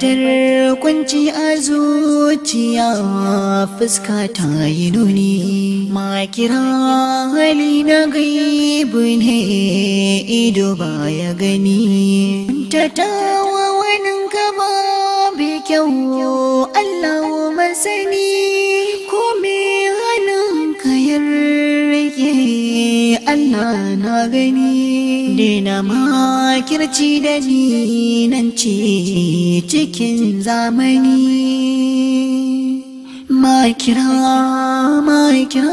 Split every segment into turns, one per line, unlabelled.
cutar kwanci a zuciya fuska ta yi nuni kira hali na gaibu ne ido ba ya gani ta tawa wani gaba bi kyau Allah masani Allah na gani dina makirci da ni nan ce cikin zamani kira ma kira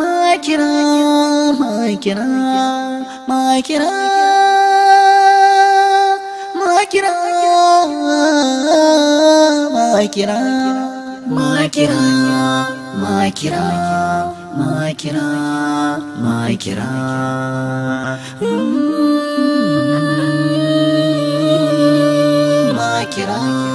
ma kira ma kira ma kira makira makira makira mm.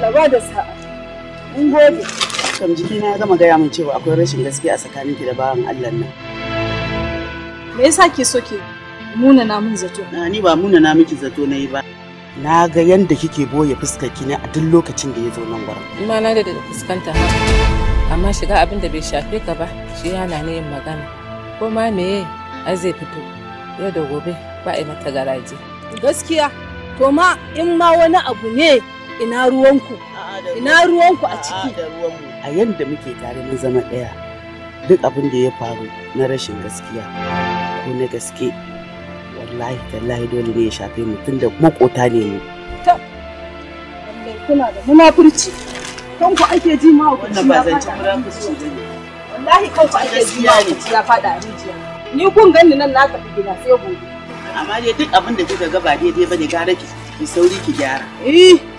Allah ba da sa'a. Mun gode. Kam jikina ya gama gaya min cewa akwai rashin gaskiya tsakaninki da bawan Allah nan.
Me yasa ke so ke muna na min zato? Na ni ba
muna na miki zato na yi ba. Na ga yadda kike boye fuskarki ne a duk lokacin da ya zo nan gurin.
Ima na da fuskanta. Amma shiga abin da bai shafe ka ba shi yana ne yin magana. Ko ma meye ai zai fito. Yau da gobe ba a mata garaje. Gaskiya to ma in ma wani abu ne ina ruwanku ina ruwanku a ciki
a yadda muke tare mun zama ɗaya duk abin da ya faru na rashin gaskiya ko na gaske wallahi tallahi dole ne ya shafe mu tunda makota ne mu
ta kuna da munafurci kan ku ake ji ma ku ci ba zan ci wallahi kan ku ake ji ma ku ci ya fada rijiya ni kun ganni nan na tafi gida sai gobe
amma dai duk abin da kika ga ba daidai bane gara ki ki sauri ki gyara eh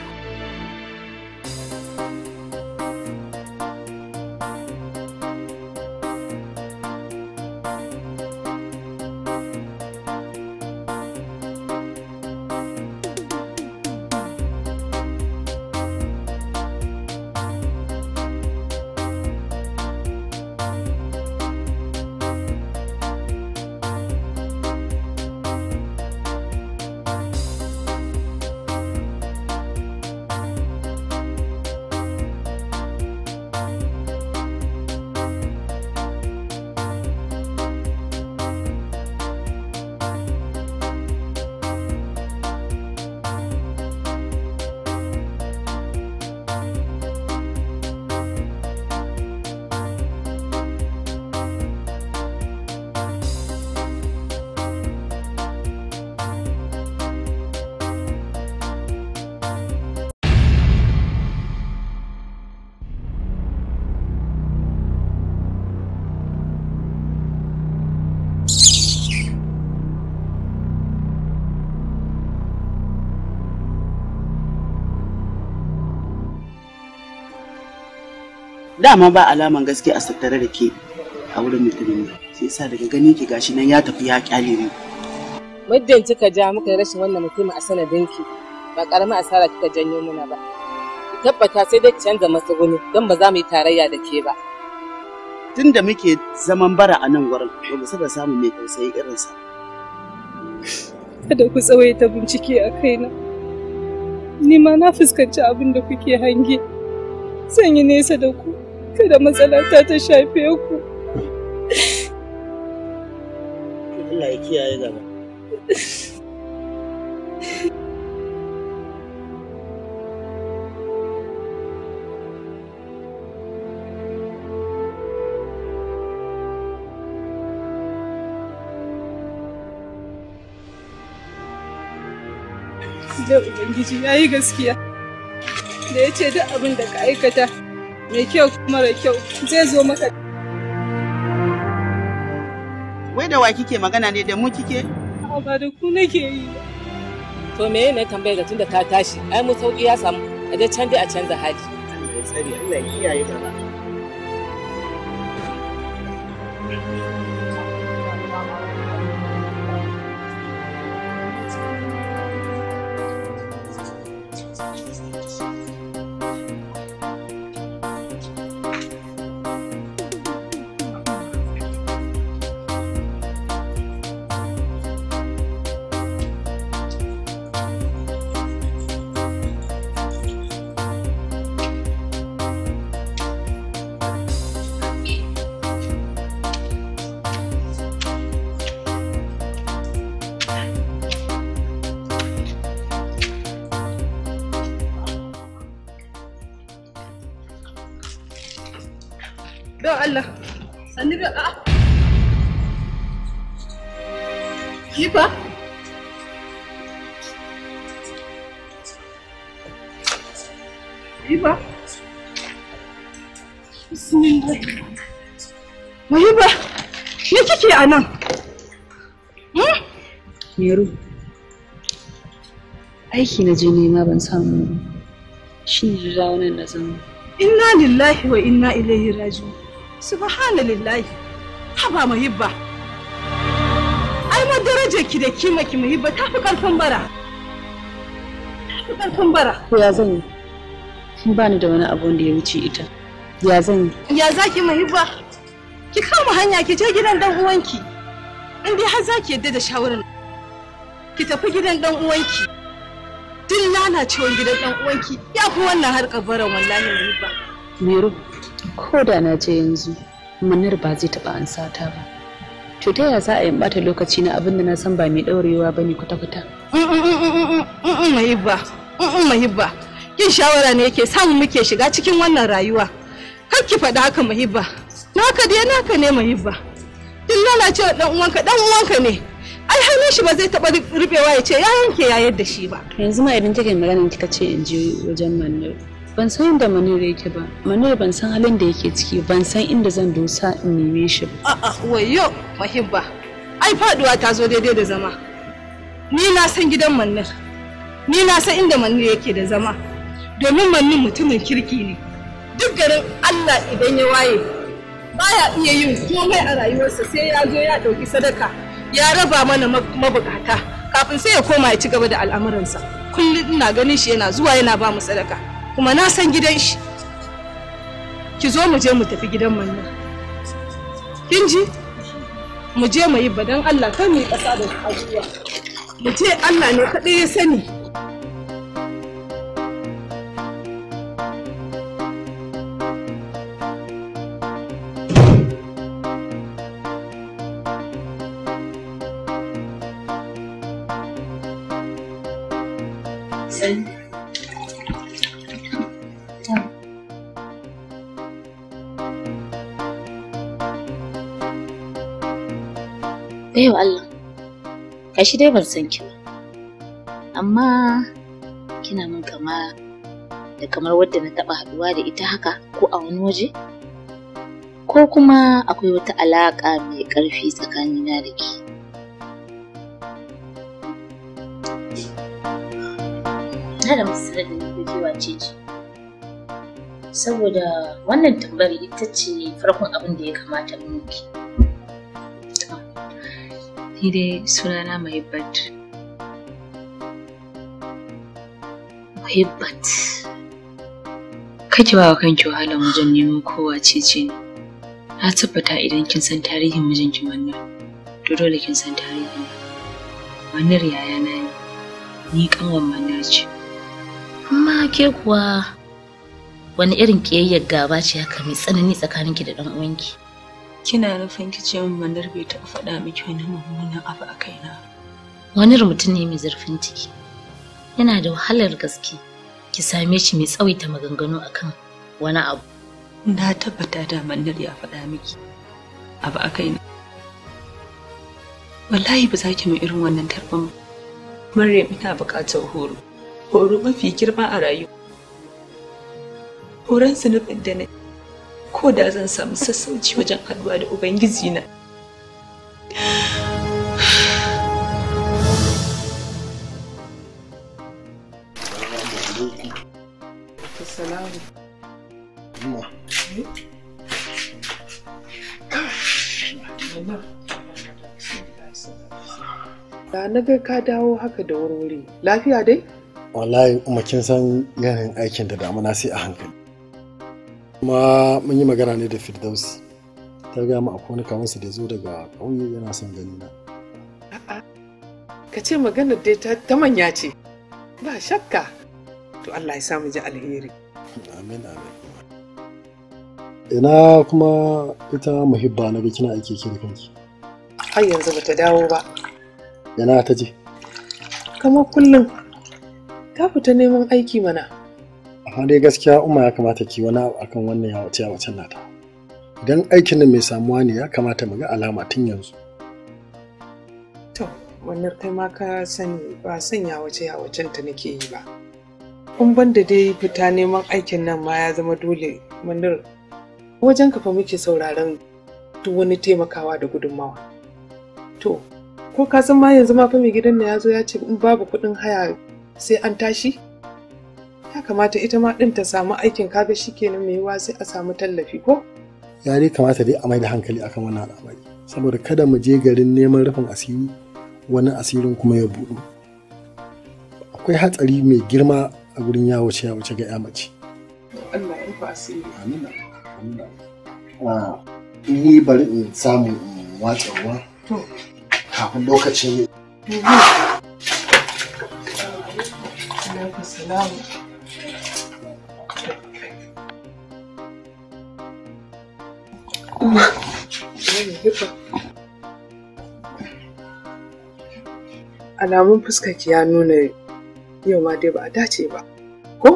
dama ba alaman gaske a tattare da ke a wurin mutumin ne sai sa daga gani ki gashi nan ya tafi ya kyale ne
muddin kika ja muka rashin wannan mutumin a sanadin ki ba karamin asara kika janyo mana ba tabbata sai dai canza matsuguni don ba za mu yi tarayya da ke ba tun da
muke zaman bara a nan wurin ba mu samu mai tausayi irinsa
kada ku tsawaita bincike a kaina ni ma na fuskanci abin da kuke hange zan yi nesa da ku kada matsalata ta shafe ku. Allah ya kiyaye zama. Da ya yi gaskiya da ya ce duk abin da ka aikata mai kyau mara kyau zai zo maka
wai da wa kike magana ne da mu kike ba da
ku nake yi to me ne tambayar da tunda ta tashi ai mu sauki ya samu a da can dai a canza hali Allah ya
kiyaye mana
a nan? Eh? Meru, aiki na je ma ban samu ba. Shi ne zuwa da zama. Inna lillahi wa inna ilaihi raji'un. Subhanallahi. Haba hibba. Ai ma darajarki ki da kima ki hibba ta fi karfin bara. Ta fi karfin bara. Ya zan yi. Ba ni da wani abu da ya wuce ita. Ya zan yi. Ya zaki hibba? ki kama hanya ki je gidan dan uwanki in dai har zaki yadda da shawaran ki tafi gidan dan uwanki din ciwon gidan dan uwanki ya fi wannan har baran wallahi mai ba miro ko da na je yanzu manar ba zai taɓa ansa ta ba to ta yaya za a yi bata lokaci na abin da na san ba mai daurewa ba ne kwata-kwata mahibba mahibba yin shawara ne yake samun muke shiga cikin wannan rayuwa kar ki faɗa haka mahibba naka dai naka ne mai ba din lalace dan uwanka dan uwanka ne ai hannun shi ba zai taba rubewa ya ce ya yanke ya yadda shi ba yanzu ma idan kike magana kika ce in je wajen manir ban san inda manir yake ba manir ban san halin da yake ciki ban san inda zan dosa in neme shi ba a'a wayo mahibba ai faduwa ta zo daidai da zama ni na san gidan manir ni na san inda manir yake da zama domin manir mutumin kirki ne duk garin Allah idan ya waye baya iya yin komai a rayuwarsa sai ya zo ya ɗauki sadaka ya raba mana mabukata kafin sai ya koma ya ci gaba da al'amuransa kullum ina ganin shi yana zuwa yana ba mu sadaka kuma na san gidan shi ki zo mu je mu tafi gidan manna kin ji mu je mu yi badan Allah kan mu kasa da ajiya mu je Allah ne kaɗai ya sani sosai
Baiwa eh, Allah, kashi dai ban san ki ba, amma kina min kama da kamar wadda na taɓa haɗuwa da ita haka ko a wani waje? Ko kuma akwai wata alaƙa mai ƙarfi tsakanina da ke? manta da masarar da ni wace ce saboda wannan tambayar ita ce farkon abin da ya kamata mu yi ni dai sunana muhibbat muhibbat kake ba wa kanki wahala wajen neman kowa ce ce ne na tabbata idan kin san tarihin mijinki wannan to dole kin san tarihin wannan yaya na ne ni kanwan manar ce ke kuwa wani irin ƙiyayyar gaba ce haka mai tsanani tsakaninki da ɗan uwanki kina nufin ki ce min manar bai ta faɗa miki wani mummunan abu a kaina wani mutum ne mai zurfin ciki yana da wahalar gaske ki same shi mai tsawaita maganganu akan wani abu na tabbata da manar ya faɗa miki abu a kaina wallahi ba za ki mu irin wannan tarban ba
Maryam ina buƙatar horo horo mafi girma a rayuwa horon zunubin da na ko da zan samu sassauci wajen haɗuwa da ubangiji na
Da na ga ka dawo haka da wurwuri. Lafiya dai?
wallahi kuma kin san yanayin aikin da damuna sai a hankali kuma mun yi magana ne da firdausi ta gaya mu akwai wani kawansa da zo daga ƙauye yana son gani na
ka ce maganar dai ta manya ce ba shakka to Allah ya samu ji alheri amin amin
ina kuma ita muhibba na kina ke da kanki
har yanzu bata dawo ba ina ta je kamar kullum ta fita neman aiki mana
amma dai gaskiya umma ya kamata ki wani abu akan wannan ya yawace yawacen nata idan aikin nan mai samuwa ne ya kamata mu ga alama tun yanzu
to wannan kai ma ka sani ba wace ya yawacen ta nake yi ba kun ban da dai fita neman aikin nan ma ya zama dole mandir wajen ka fa muke sauraron duk wani taimakawa da gudunmawa to ko ka san ma yanzu ma fa mai gidan na ya zo ya ce in babu kuɗin haya sai an tashi ya kamata ita ma ɗin ta samu aikin kaga shi kenan mai yiwa sai a samu tallafi ko
ya dai kamata dai a mai da hankali akan wannan al'amari saboda kada mu je garin neman rufin asiri wani asirin kuma ya buɗu akwai hatsari mai girma a gurin yawo ce ga ya mace
Allah ya
amina ah, ni bari in samu in watsa kafin lokacin
damu alamun fuskarki ya nuna yau ma dai ba a dace ba ko?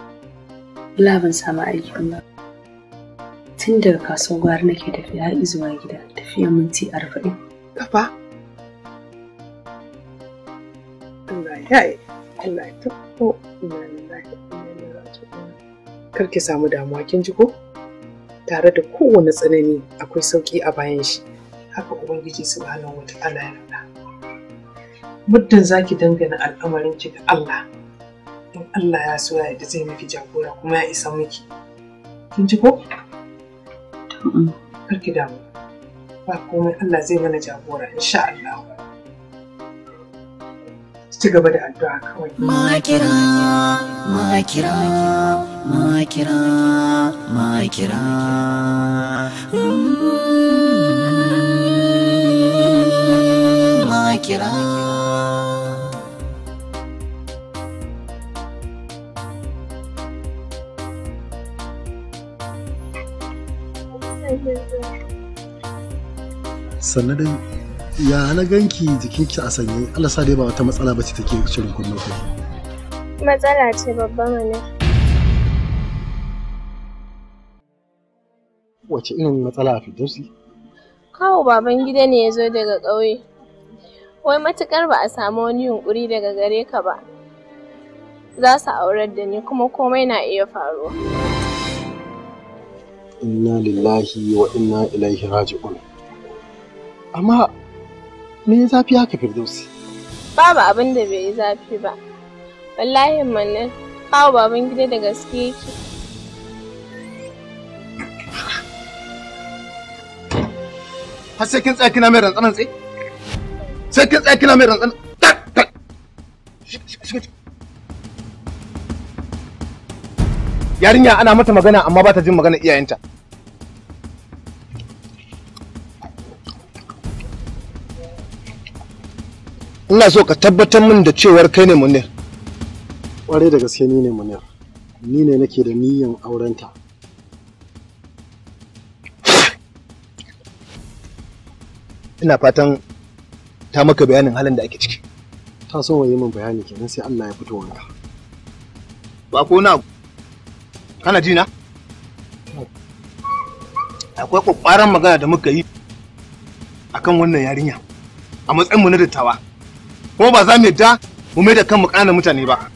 Bula ban samu aikin ba. Tun daga kasuwar gwar nake tafiya zuwa gida tafiya minti arba'in. Kafa?
Allah ya yi, Allah ya to kar ki samu damuwa kin ji ko tare da kowane tsanani akwai sauki a bayan shi haka ubangiji subhanahu wata ya faɗa muddin zaki dangana al'amarin ki ga Allah in Allah ya so ya zai miki jagora kuma ya isa miki kin ji ko kar ki damu ba komai Allah zai mana jagora insha Allah ci gaba da addu'a
kawai makira makira makira makira makira
mm. sannan ya na ganki jikinki a sanye Allah sa dai ba wata matsala ba ce take shirin kullum kai
matsala ce babba mana
wace irin matsala a Firdausi
kawo baban gida ne ya zo daga ƙauye wai matukar ba a samu wani yunkuri daga gare ka ba za su aurar da ni kuma komai na iya faruwa
inna lillahi wa inna ilaihi raji'un amma Me ya zafi haka Firdausi?
Babu abin da bai yi zafi ba. Wallahi mallan kawo baban gida da gaske yake.
Har sai kin tsaya kina mai rantsanan tsaye? Sai kin tsaya kina mai rantsanan. Yarinya ana mata magana amma ba ta jin magana iyayenta. ina so ka tabbatar min da cewar kai ne munir
ƙwarai da gaske ni ne munir ni ne nake da niyan aurenta
ina fatan ta maka bayanin halin da ake ciki ta so wa yi min bayani kenan sai Allah ya fito wanka ba ko na kana ji na akwai kwakwaran magana da muka yi akan wannan yarinya a matsayin mu na dattawa kuma ba za mu yadda mu mai da kanmu ƙananan mutane ba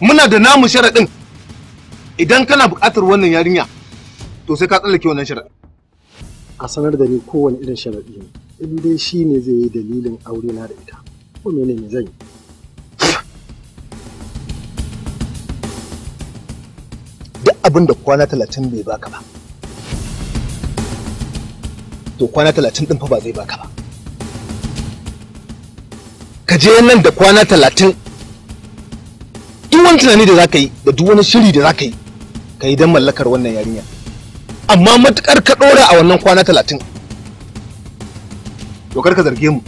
muna da namu sharaɗin idan kana buƙatar wannan yarinya to sai ka tsallake wannan sharaɗin a sanar da ni
kowane irin sharaɗi ne in dai shi ne zai yi dalilin aure na da ita ko mene ne zan yi
duk abin da kwana talatin bai baka ba to kwana talatin ɗin fa ba zai baka ba ka je nan da kwana talatin in wani tunani da za ka yi da duk wani shiri da za ka yi ka yi don mallakar wannan yarinya amma matukar ka ɗora a wannan kwana talatin to kar ka zarge mu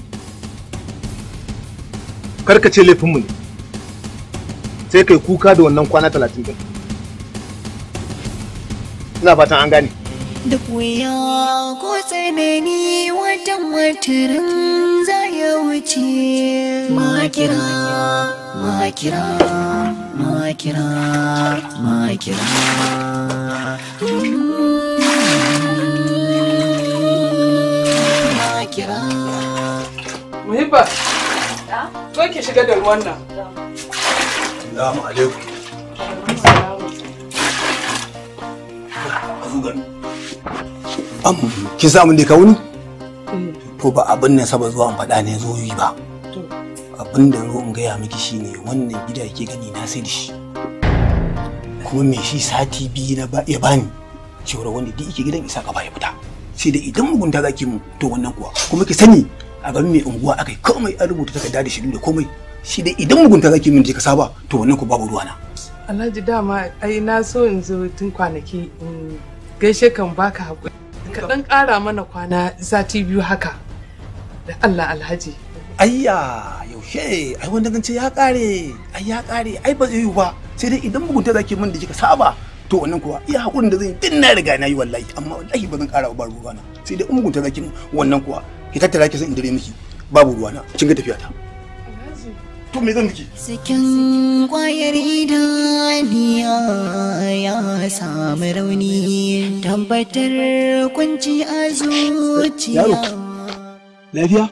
kar ka ce laifinmu ne sai kai kuka da wannan kwana talatin din ina fatan an gane
duk wuya ko tsanani watan watarin za ya wuce makira makira makira makira
makira muhibba ko shiga da ruwan nan
Assalamu alaikum. kin sa abin da ya kawo eh. to ba abin nan saba zuwa faɗa ne zo yi ba abin da zo in gaya miki shine wannan gida yake gani na sai shi kuma me shi sati biyu na ba ya bani cewar wanda duk yake gidan isa gaba ya fita sai da idan mugunta zaki mu to wannan kuwa kuma ki sani a gaban mai unguwa akai komai an rubuta takarda da shi da komai shi da idan mugunta zaki mun je ka saba to wannan ku babu ruwana
Alhaji dama ai na so in zo tun kwanaki gaishe kan baka hakuri ka dan ƙara mana kwana zati biyu haka da Allah alhaji ayya yaushe ai wanda
gance ya kare ai ya kare ai ba zai yi ba sai dai idan mugunta zaki min da kika saba to wannan kuwa iya hakurin da zan yi din na riga na yi wallahi amma wallahi ba zan kara ba ruwana sai dai in mugunta zaki min wannan kuwa ki tattara ki san indire miki babu ruwana kin ga tafiya ta
to me zan miki cikin kwayar idaniya ya samu rauni tabbatar kunci a zuciya yaro
lafiya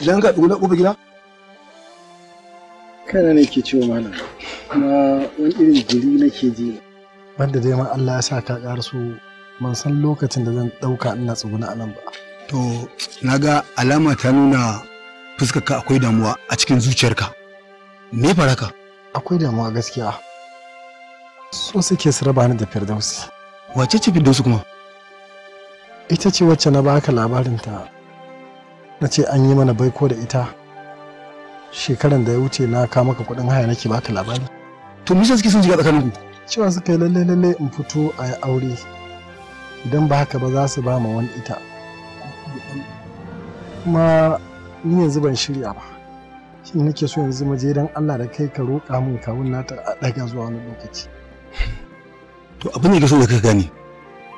zan ga dubu na kofar gida
kana ne ke ciwo mana kuma wani irin jiri nake ji banda dai ma Allah ya sa ka karso ban san lokacin da zan dauka ina tsuguna
a nan ba to naga alama ta nuna fuskarka akwai damuwa a cikin zuciyarka me faraka akwai damuwa gaskiya so
suke su raba ni da firdausi wace ce firdausi kuma ita ce wacce na baka labarinta na ce an yi mana baiko da ita shekaran da ya wuce na ka maka kuɗin haya nake baka labari to me suke son shiga tsakaninku cewa suka yi lalle lalle in fito a yi aure idan ba haka ba za su ba ma wani ita kuma ni yanzu ban shirya ba shi nake so yanzu maje je dan Allah da kai ka roƙa min kawun nata a daga zuwa wani lokaci
to abin da ke so da ka gane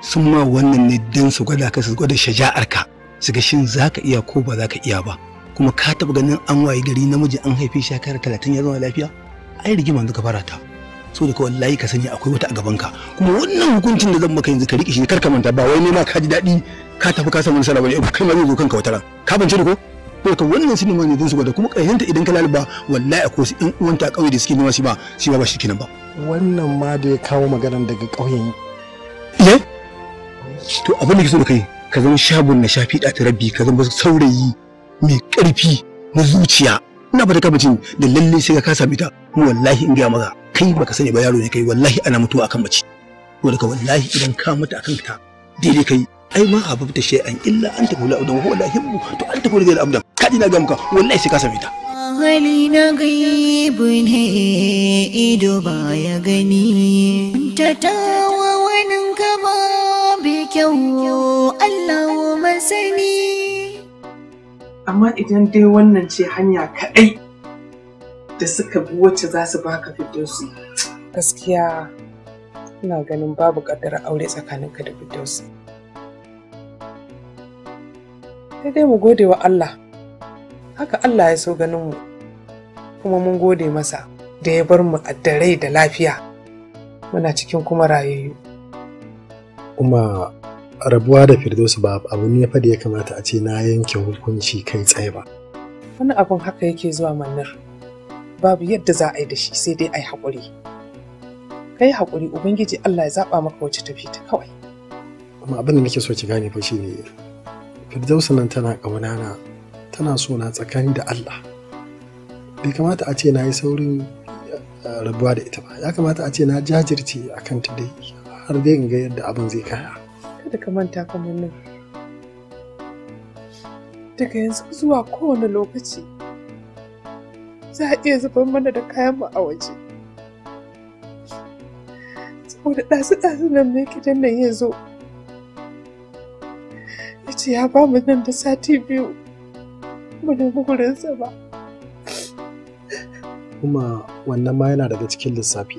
sun ma wannan ne dan su gwada ka su gwada ka su ga shin za ka iya ko ba za ka iya ba kuma ka taɓa ganin an waye gari namiji an haife shi shekara talatin ya zama lafiya ai rigima yanzu ka fara ta so da wallahi ka sani akwai wata a gaban ka kuma wannan hukuncin da zan maka yanzu ka riƙe shi kar ka manta ba wai ne ma ka ji daɗi ka tafi ka samu nasara ba ne kai ma zai zo kanka wata ran ka bance da ko Ka wannan sinima ne don su gwada kuma kayanta idan ka lalba wallahi a su in uwanta ƙauye da suke nema shi ba shi ba shi kinan ba
wannan ma da ya kawo
maganar daga ƙauyen eh to abin da kike so da kai ka zama shabun na shafi da ta rabbi ka zama saurayi mai karfi na zuciya ina fata kabacin da lalle sai ka sami ta kuma wallahi in ga maka kai baka sani ba yaro ne kai wallahi ana mutuwa akan mace ko daga wallahi idan ka mutu akan ta daidai kai ai ma hababta shay'an illa an ta kula udan to anta kaɗi na gamka wallahi sai ka same ta
hali na gaibu ne ido ba ya gani ta tawa wani kama bi kyau Allah sani.
amma idan dai wannan ce hanya kaɗai da suka bi wacce za su baka firdausi gaskiya ina ganin babu kaddara aure tsakaninka da firdausi sai dai mu gode wa Allah haka Allah ya so ganin mu kuma mun gode masa da ya bar mu a da rai da lafiya muna cikin kuma rayayyu
kuma rabuwa da firdausu ba abu ne fa da ya kamata a ce na yanke hukunci kai tsaye ba
wani abun haka yake zuwa mannar babu yadda za a yi da shi sai dai a yi haƙuri kai haƙuri ubangiji Allah ya zaɓa maka wacce tafi ta kawai
kuma abin da nake so ki gane fashi ne. firdausu nan tana ƙaunana tana so na tsakani da Allah bai kamata a ce na yi saurin eh, rabuwa da ita ba ya kamata a ce na jajirce a kan ta dai har dai in ga yadda abin zai kaya
kada ka manta kamar nan daga yanzu zuwa kowane lokaci za a iya zubar mana da kayan mu a waje saboda ɗasu-ɗasu nan mai gidan nan ya zo ya ce ya ba mu nan da sati biyu mu nemi ba
kuma wannan ma yana daga cikin lissafi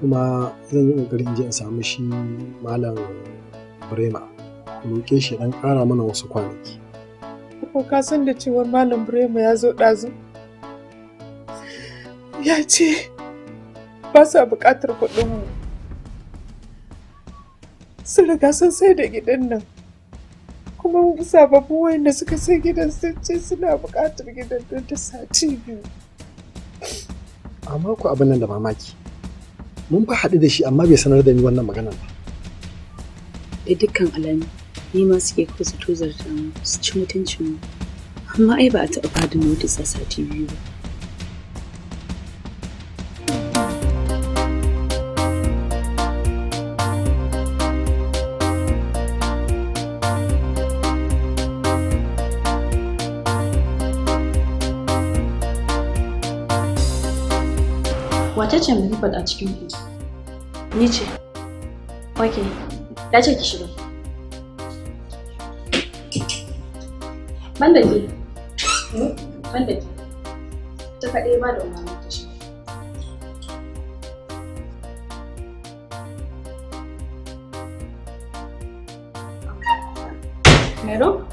kuma zan yi ƙoƙarin je in samu shi malam brema roƙe shi ɗan ƙara mana wasu kwanaki
ko ka san da cewa malam brema ya zo ɗazu ya ce ba sa buƙatar kuɗinmu sun riga sun sai da gidan nan kuma sababbin wayanda suka sai gidan sun ce suna bukatar gidan don ta sati biyu.
Amma ku abin nan da mamaki. Mun fa haɗu da shi amma bai sanar da ni wannan maganar ba.
Da eh, dukkan alamu ni ma suke kusa tozarta mu su ci mutuncin mu. Amma ai ba a taɓa fadin notis a sati biyu ba. wace ce a cikin ku? Ni ce. Ok, ya ce ki shiga. Banda ke. Hmm? Banda ke. Ta kaɗai ba da umarni ta shiga. Mero?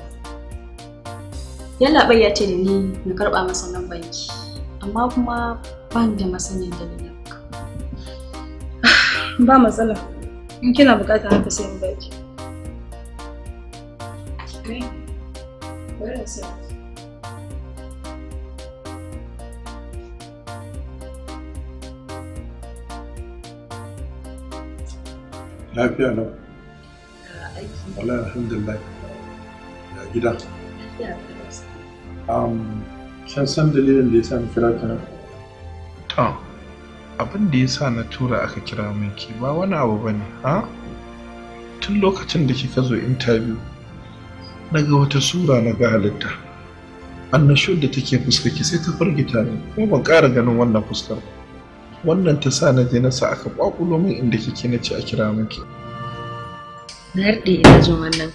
Yallaɓai ya ce da ni na karɓa masa nan banki, amma kuma ban da masanin dalili. ba matsala in kina bukata haka sai in baki
lafiya na wala alhamdulillah ya gida um, san dalilin da ya sami kira ta nan ah. abin da ya sa na tura aka kira minki ba wani abu ba ne ha tun lokacin da kika zo interview na ga wata sura na ga halitta annashu da take ki sai ta firgita ni kuma ban ƙara ganin wannan fuskar ba wannan ta sa na je na sa aka ƙwaƙulo min inda kike na ce a kira miki
na yarda ina jin wannan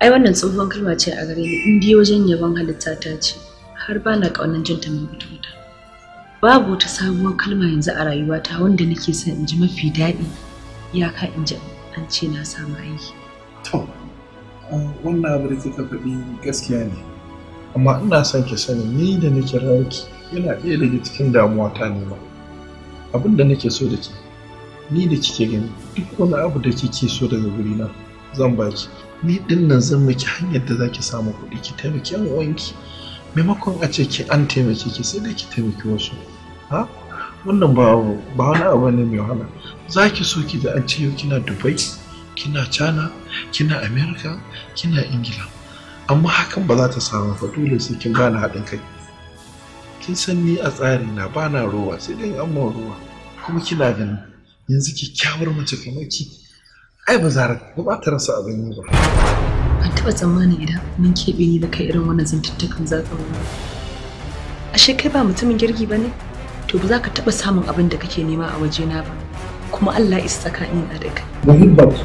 ai wannan tsohon kalma ce a gare ni in dai wajen yaban halitta ta ce har ba na ƙaunar jin ta mai mutunta babu wata sabuwar kalma yanzu a rayuwata wanda nake son in ji mafi daɗi iyaka in ji an ce na samu aiki.
To, um, wannan abu da kika faɗi gaskiya ne, amma ina son ki sani ni da nake rayuki yana ɗaya daga cikin damuwa ta nema. Abin da nake so da ke, ni da kike gani duk wani abu da kike so daga na zan baki. Ni ɗin nan zan miki hanyar da zaki samu kuɗi ki taimaki 'yan uwanki. maimakon a ce ki an taimaki ki sai dai ki taimaki wasu ha wannan ba ba wani abu ne mai wahala za ki so ki da an ce yau kina dubai kina china kina america kina ingila amma hakan ba za ta samu fa dole sai kin gane haɗin kai kin san ni a tsari na bana ruwa, sai dai an ruwa. kuma kina gani yanzu kyakkyawar mace kamar ki ai ba za ta rasa abin yi ba
ban taɓa tsammanin idan mun keɓe ni da kai irin wannan zantattakan za ka wani ashe kai ba mutumin girki ba ne to ba za ka taɓa samun abin da kake nema a wajena ba kuma Allah isa tsakanin na da kai
muhimman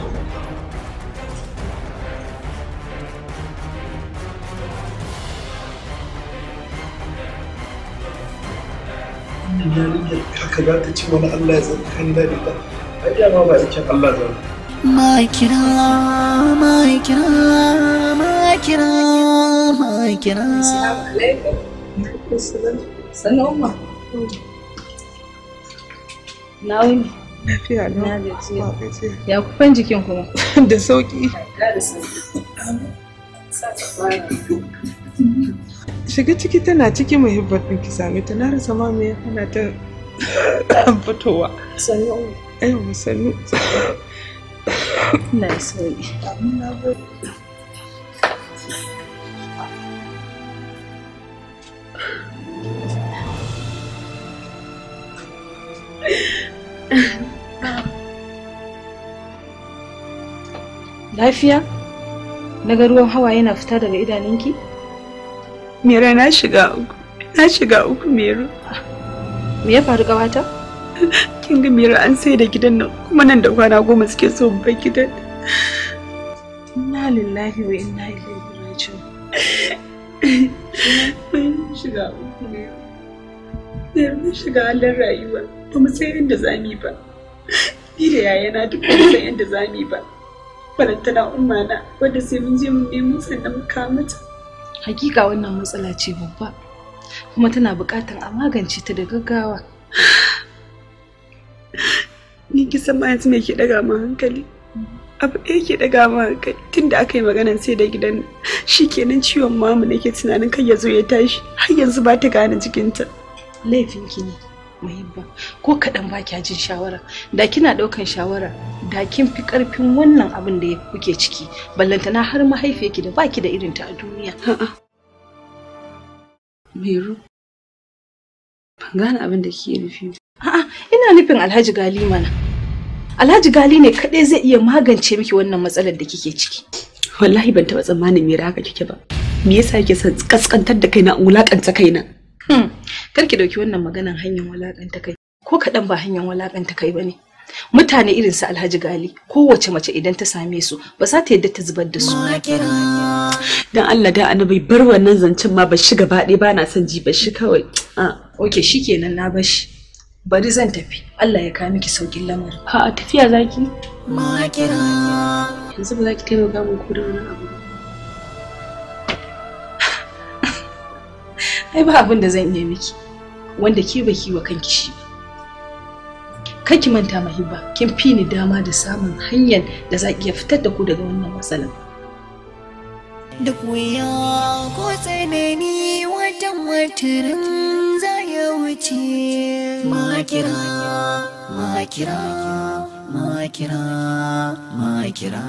yarinyar haka za ta ci wani Allah ya tsakanin na da ita ai ma ba ikin Allah zan
My kira, my kira,
Ya kufan jikin kuma?
Da Shiga ciki tana ciki muhibbar ɗin ki ta na rasa ma me hana ta fitowa. Sannu. sannu. Allah ya
Lafiya? Na ga ruwan hawa yana fita daga idanunki?
Mera na shiga uku. Na shiga uku Mera.
Me ya faru ƙawata?
kin ga mira an sai da gidan nan kuma nan da kwana goma suke so ba gidan
inna lillahi wa inna ilaihi raji'un
mun shiga uku ne mun shiga halin rayuwa ba mu san yadda zamu ba ni da yayana duk ba mu san yadda zamu ba
balantana umma na wanda sai mun je mun nemi sannan mu kawo mata hakika wannan matsala ce babba kuma tana buƙatar a magance ta da gaggawa ni kisan ma yanzu me ke daga ma hankali abu ɗaya ke
daga ma hankali tun da aka yi maganan sai da gidan shi kenan ciwon mamu nake tunanin kai ya zo ya tashi har yanzu
ba ta gane jikinta laifinki ne muhimma ko kaɗan ba kya jin shawara da kina ɗaukan shawara da kin fi ƙarfin wannan abin da kuke ciki ballantana har mahaifiyarki da baki da irinta a duniya Meru, ban gane abin da ke nufi. A'a, ina nufin Alhaji Gali mana. Alhaji Gali ne kaɗai zai iya magance miki wannan matsalar da kike ciki. Wallahi ban taɓa tsammanin me raka kike ba. Me yasa kike son kaskantar da kaina wulakanta kaina? Hmm, kar ki dauki wannan maganan hanyar wulakanta kai. Ko kaɗan ba hanyar wulakanta kai ba ne. Mutane irin su Alhaji Gali kowace mace idan ta same su ba za ta yadda ta zubar da su. Dan Allah da annabi bar wannan zancen ma ba shi gaba ɗaya ba na son ji ba shi kawai. Ah, okay shikenan na bashi. bari zan tafi Allah ya kawo miki saukin lamarin a tafiya zaki ma kira yanzu ba za ki taimaka mun da wani abu ai ba abin da zan iya miki wanda ke ba wa kanki shi ba ki manta mahibba kin fi ni dama da samun hanyar da za ki iya fitar da ku daga wannan matsalar
duk wuya ko tsanani watan watarin za ya wuce Makira, makira, makira, makira.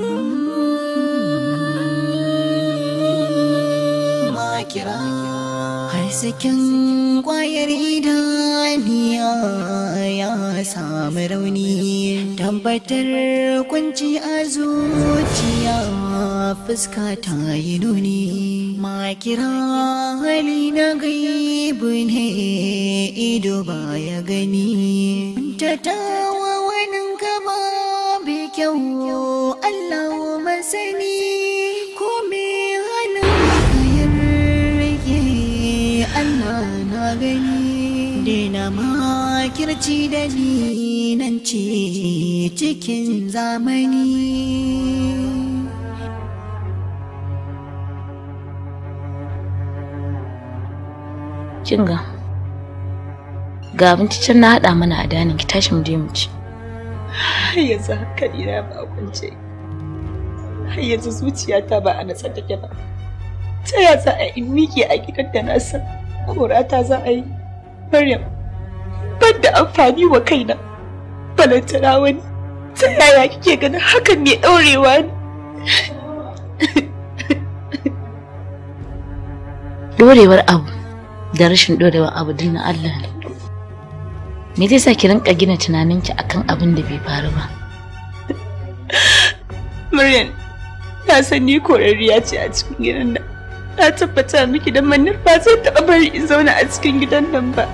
Mm, makira. Har kwayar idaniya ya samu rauni tabbatar kunci a zuciya. fuska ta yi nuni ma kira hali na gaibu ne ido ba ya gani ta tawa wani gaba bi kyau Allah masani ko me hana kayan Allah na gani dina makirci da ni nan ce cikin zamani
kin ga ga abinci can na haɗa mana a danin ki tashi mu je mu ci
yanzu hankali na ba kwance har yanzu zuciyata ba a natsa take ba ta ya za a yi miƙe a gidan da na san ta za a yi maryam ban da amfani wa kaina balantana wani ta yaya kike ganin hakan mai ɗaurewa ne
ɗorewar abu da rashin ɗorewa abu na Allah ne me zai sa ki rinka gina tunaninki akan abin da bai faru ba
Maryam na san ni korariya ce a cikin gidan nan na tabbata miki da manir ba zai taɓa bari in zauna a cikin gidan nan ba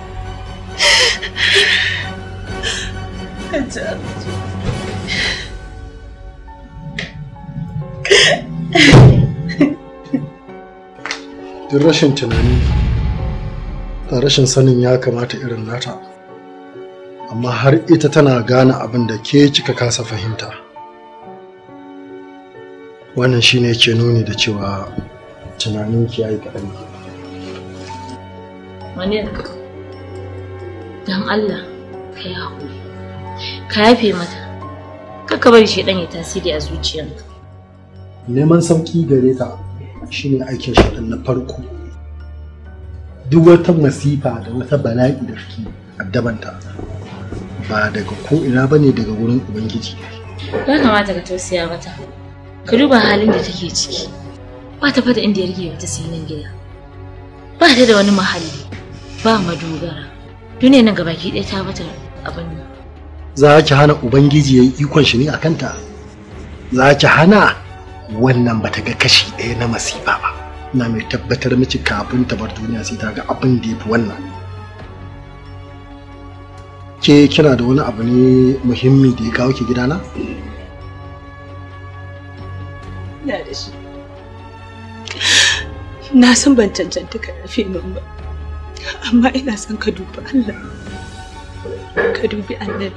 Duk rashin tunani rashin sanin ya kamata irin nata amma har ita tana gane abin da ke cika kasa fahimta wannan shine ke nuni da cewa tunanin ki yayi kaɗan
manir don allah ka yi ka yafe mata ka bari shi ya tasiri a zuciyarka
neman sauƙi gare ta shine aikin shaɗan na farko duk wata masifa da wata bala'i da suke addabanta ba daga ko ina ba ne daga wurin ubangiji
ya kamata ka tausaya mata ka duba halin da take ciki ba ta fada inda ya rige mata sinin gida ba ta da wani mahalli ba madogara duniya nan gabaki ɗaya ta bata abin nan
za ki hana ubangiji ya yi ikon shi ne a kanta za ki hana wannan bata ga kashi ɗaya na masifa ba na mai tabbatar miki kafin ta bar duniya sai ta ga abin da ya fi wannan ke kina da wani abu ne muhimmi da ya kawo ki gidana?
ina da shi na san ban cancanta ka yafe min ba amma ina son ka dubi Allah ka dubi Allah,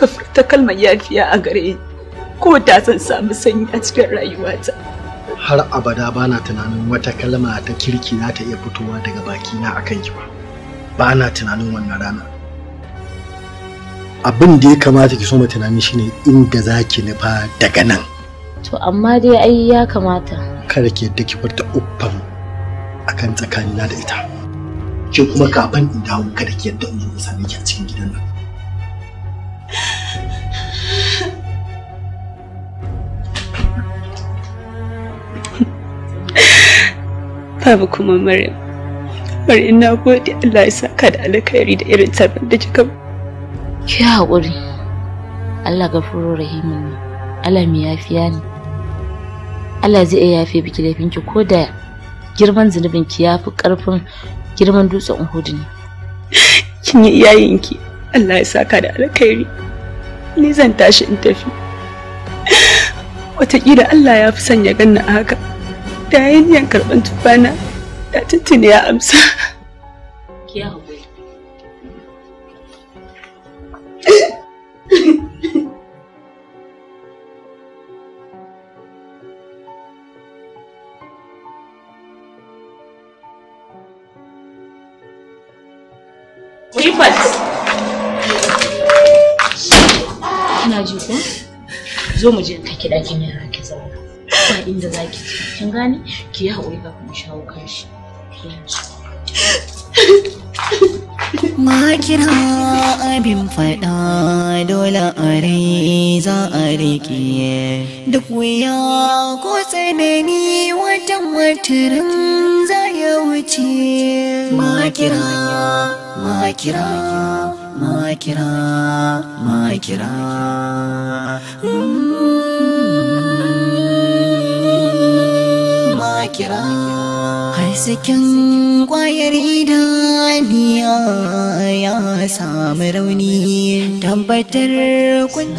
ka furta kalmar yafiya a gare ni ko da zan samu sanyi a cikin rayuwata.
har abada bana tunanin wata kalma ta kirki na ta iya fitowa daga bakina a kanki ba ba na tunanin wannan rana abin da ya kamata ki so ma tunani shine inda za ki nufa daga nan
to amma dai ai ya kamata
kada ki yadda ki furta uffan akan tsakanina da ita ki kuma kafin in dawo kada ki yadda in zo sanin ki a cikin gidan nan
babu kuma Maryam. Bari na gode Allah ya saka da alkhairi da irin
tarbar da kika Ki haƙuri. Allah gafuru rahimin ne. Allah mai yafiya ne. Allah zai iya yafe biki laifinki ko da girman zunubinki ya fi karfin girman dutsen Uhud ne. Kin
yi iyayenki. Allah ya saka da alkhairi. Ni zan tashi in tafi. Wataƙila Allah ya fi sanya ganna haka. ta ya yi karɓar tufana da tuntuni ya amsa.
Ki haƙuri. Rifat! Ina ji Zo mu je ka kiɗa kin yara ba inda za ki kin gane ki yi haƙuri kafin shawo kan shi
Makira abin faɗa dole a rai za a riƙe duk wuya ko tsanani watan watarin za ya wuce. Makira, makira, makira, makira. Mm. kira kira sakin kwayar idaniya ya samu rauni tabbatar kun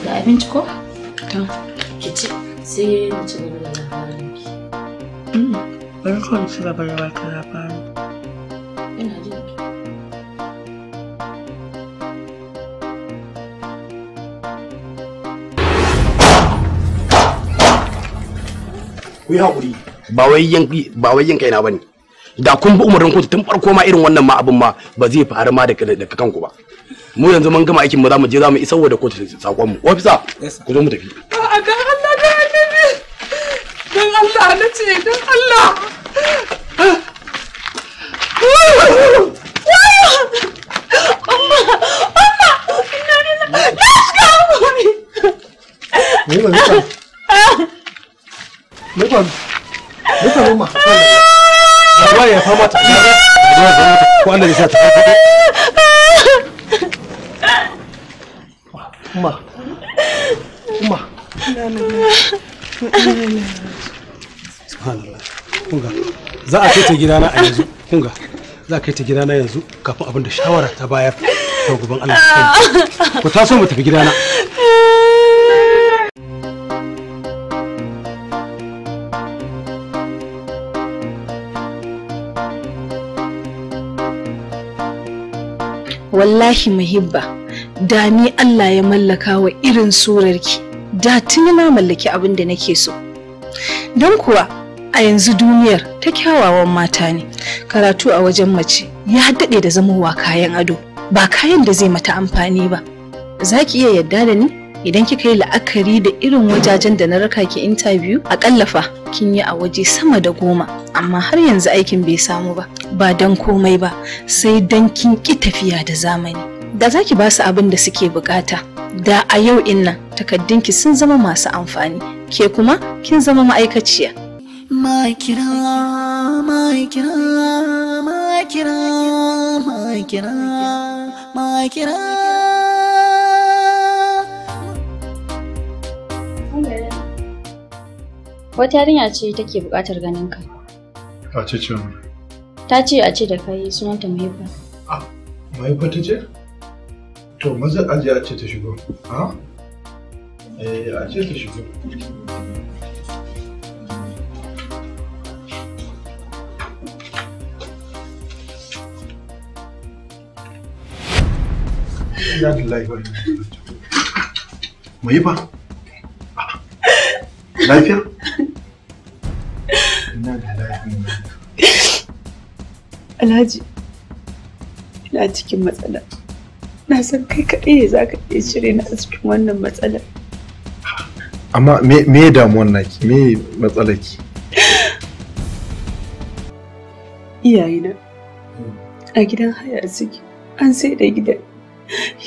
da abinci ko? ta
ki ci sai na ci gaba da labarin ki. Mm. Barkon ci gaba da
labarin.
ku yi hakuri ba wai yin ba wai yin bane da kun bi umarnin kotu tun farko ma irin wannan ma abin ma ba zai faru ma da kanku ba mu yanzu mun gama aikin mu za mu je za mu isar da kotu sakon mu ofisa ku zo mu tafi a
Allah annabi dan Allah na ce dan Allah
Me ya fama ta.
Ruwa ta. Ko Allah ya sa ta farfado. Ma.
Subhanallah. Kunga. Za a kai ta gidana a yanzu. Kunga. Za a kai ta gidana yanzu kafin abin da shawara ta bayar. ta gaban
Allah. Ku taso mu tafi gidana.
wallahi muhibba da ni Allah ya mallaka wa irin surarki da tuni na mallaki abin da nake so don kuwa a yanzu duniyar ta kyawawan mata ne karatu a wajen mace ya daɗe da zamowa kayan ado ba kayan da zai mata amfani ba za ki iya yarda da ni idan kika yi la'akari da irin wajajen da na raka ki interview A fa kin yi a waje sama da goma amma har yanzu aikin bai samu ba ba dan komai ba sai dan kin ki tafiya da zamani da zaki ki ba su abin da suke bukata da a yau in nan takaddunki sun zama masu amfani ke kuma kin zama ma'aikaciya
makira makira makira makira makira
Wata yarinya ce take buƙatar ganin ka.
Ta ce ce
Ta ce a ce da kai sunanta Mahaifa. Ah,
Mahaifa ta ce? To maza aje a ce ta shigo. Ha? Eh, a ce ta shigo. Ya lillahi wa inna Lafiya?
a cikin matsala na san kai kaɗai za ka iya cire ni a cikin wannan matsalar
amma me ya na ki me matsala ki
iyayena a gidan haya suke an sai da gidan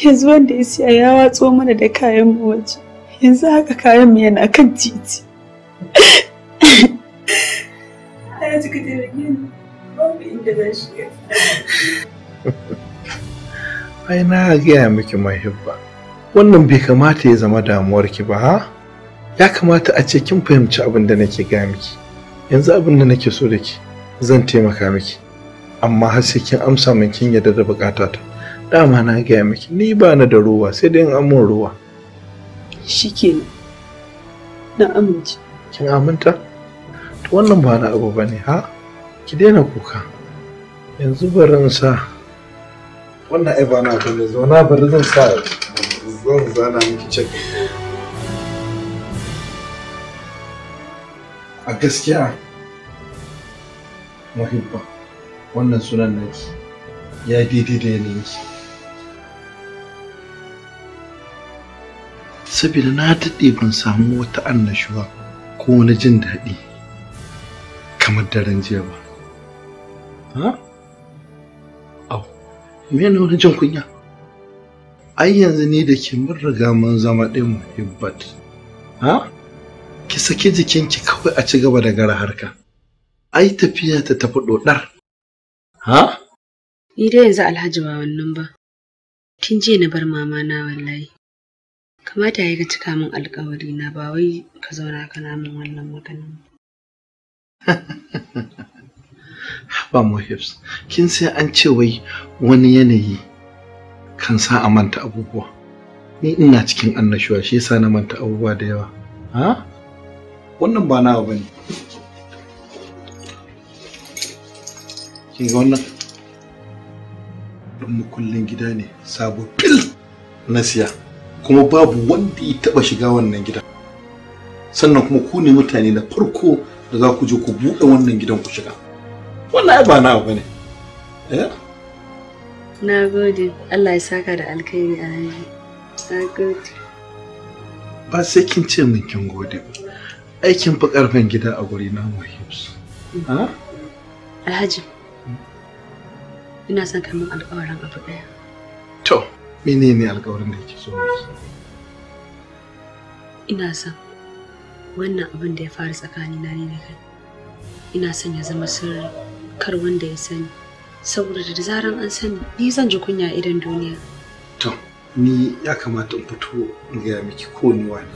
yanzu wanda ya siya ya watso mana da kayan mu waje yanzu haka kayan mu yana kan titi ya da inda za shi
ai na gaya miki mahibba wannan bai kamata ya zama damuwar ki ba ha ya kamata a ce kin fahimci abin da nake gaya miki yanzu abin da nake so da ki zan taimaka miki amma har sai kin amsa min kin yarda da bukatata dama na gaya miki ni ba na da ruwa sai dai in amun ruwa shikenan na amince kin aminta to wannan ba na abu bane ha ki daina kuka yanzu barin sa wannan ai ba na kan da na bari zan sa zan zana miki cek a gaskiya muhibba wannan sunan naki ya daidai da yanayinki saboda na daɗe ban samu wata annashuwa ko wani jin daɗi kamar daren jiya ba. Huh? mene wani jin kunya ai yanzu ni da ke mun riga mun zama ɗin muhibbat ha ki saki jikinki kawai a ci gaba da gara harka ai tafiya ta tafi ɗoɗar ha
ni dai yanzu alhaji ba wannan ba Kin je na bar mama na wallahi kamata ya ga cika min alkawari na ba wai ka
zauna kana min wannan maganin
ba hips kin sai an ce wai wani yanayi kan sa a manta abubuwa ni ina cikin annashuwa shi yasa na manta abubuwa da yawa ha wannan ba na bane kin ga wannan dan mukullin gida ne sabo na siya kuma babu wanda ya taba shiga wannan gida. sannan kuma ku ne mutane na farko da za ku je ku buɗe wannan gidan ku shiga
wallahi ba na
bane eh
na gode Allah ya saka da alkhairi alhaji na gode
ba sai kin ce min kin gode ba aikin fi karfin gida a guri na muhims mm. ah?
alhaji mm. ina son kai min alƙawarin abu ɗaya
to menene alƙawarin da yake so
ina son wannan abin da ya faru tsakanin na ne da kai ina son ya zama sirri kar wanda ya sani saboda da zaran an sani ni zan ji kunya idan duniya
to ni ya kamata in fito in gaya miki ko ni wani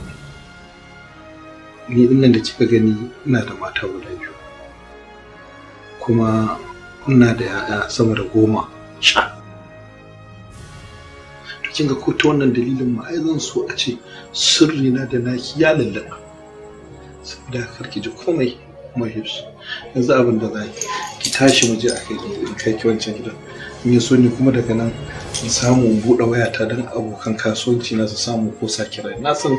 ni nan da kika gani ina da mata guda biyu kuma ina da ya'ya sama da goma sha to kin ga ko ta wannan dalilin ma ai zan so a ce sirri na da naki ya lallaba saboda karki ji komai mahibs yanzu abin da za ki ki tashi mu a kai in kai ki wancan gidan in ya so ni kuma daga nan in samu in buɗe wayata don abokan kasuwanci na su samu ko sake rai na san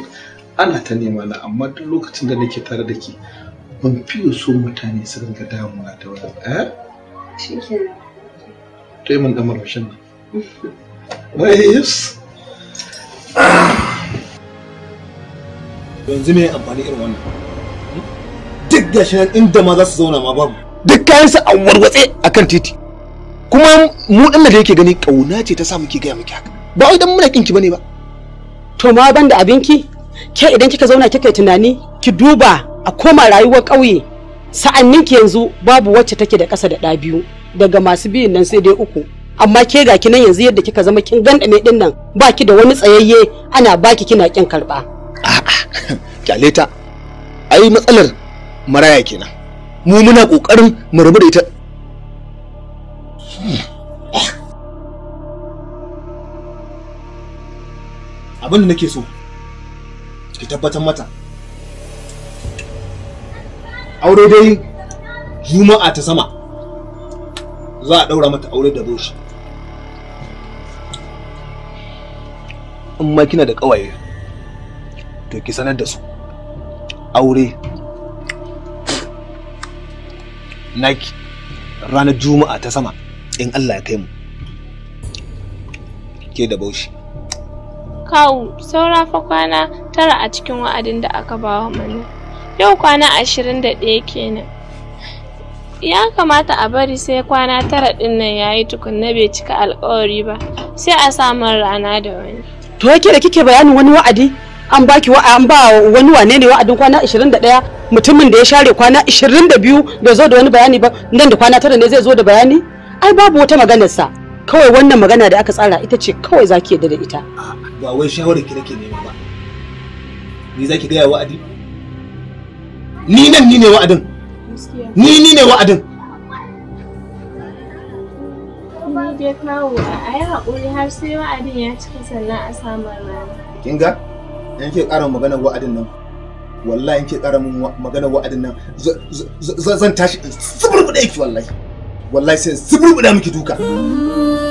ana ta nema na amma duk lokacin da nake tare da ki ban fiye so mutane su ringa damuwa ta waya eh shikenan to yi mun dan marmashin nan wai yes
yanzu me amfani irin wannan duk gashi nan inda ma za su zauna ma babu duk kayan sa a warwatse a kan titi kuma mu dan da yake gani ƙauna ce ta sa muke gaya miki haka ba wai dan muna kinki bane ba to ma ban abinki ke idan kika zauna kika yi tunani
ki duba a koma rayuwar ƙauye sa'annin ki yanzu babu wacce take da ƙasa da ɗa biyu daga masu biyun nan sai dai uku amma ke ga ki nan yanzu yadda kika zama kin ganda mai din nan baki da wani tsayayye ana baki kina kin karba a'a
kyale ta ai matsalar maraya kenan mu muna kokarin mu rabu da ita abin da nake so ki tabbatar mata aure dai juma'a ta sama za a daura mata aure da roshi in ma kina da ƙawaye to ki sanar da su aure naki ranar juma'a ta sama in Allah ya kai mu ke da baushi
kawu saura fa kwana tara a cikin wa'adin da aka ba wa Mani, yau kwana ashirin da ɗaya kenan ya kamata a bari sai kwana tara ɗin nan ya yi tukunna bai cika alkawari ba sai a samun rana da wani to yake da kike bayanin wani wa'adi an baki wa an ba wani wane ne wa'adin kwana 21 mutumin da ya share kwana 22 da zo da wani bayani ba nan da kwana tara ne zai zo da bayani ai babu wata maganar sa kawai wannan magana da aka tsara ita ce kawai zaki yadda da
ita ba wai shawarar ki nake nema ba ni zaki ga wa'adi ni nan ni ne wa'adin ni ni ne wa'adin
ni dai kawo a yi haƙuri har sai wa'adin ya cika sannan a samun rana
kin ga in ke ƙara maganar wa'adin nan wallahi in ke ƙara maganar wa'adin nan zan tashi zuburbuɗe ki wallahi wallahi sai zuburbuɗe miki duka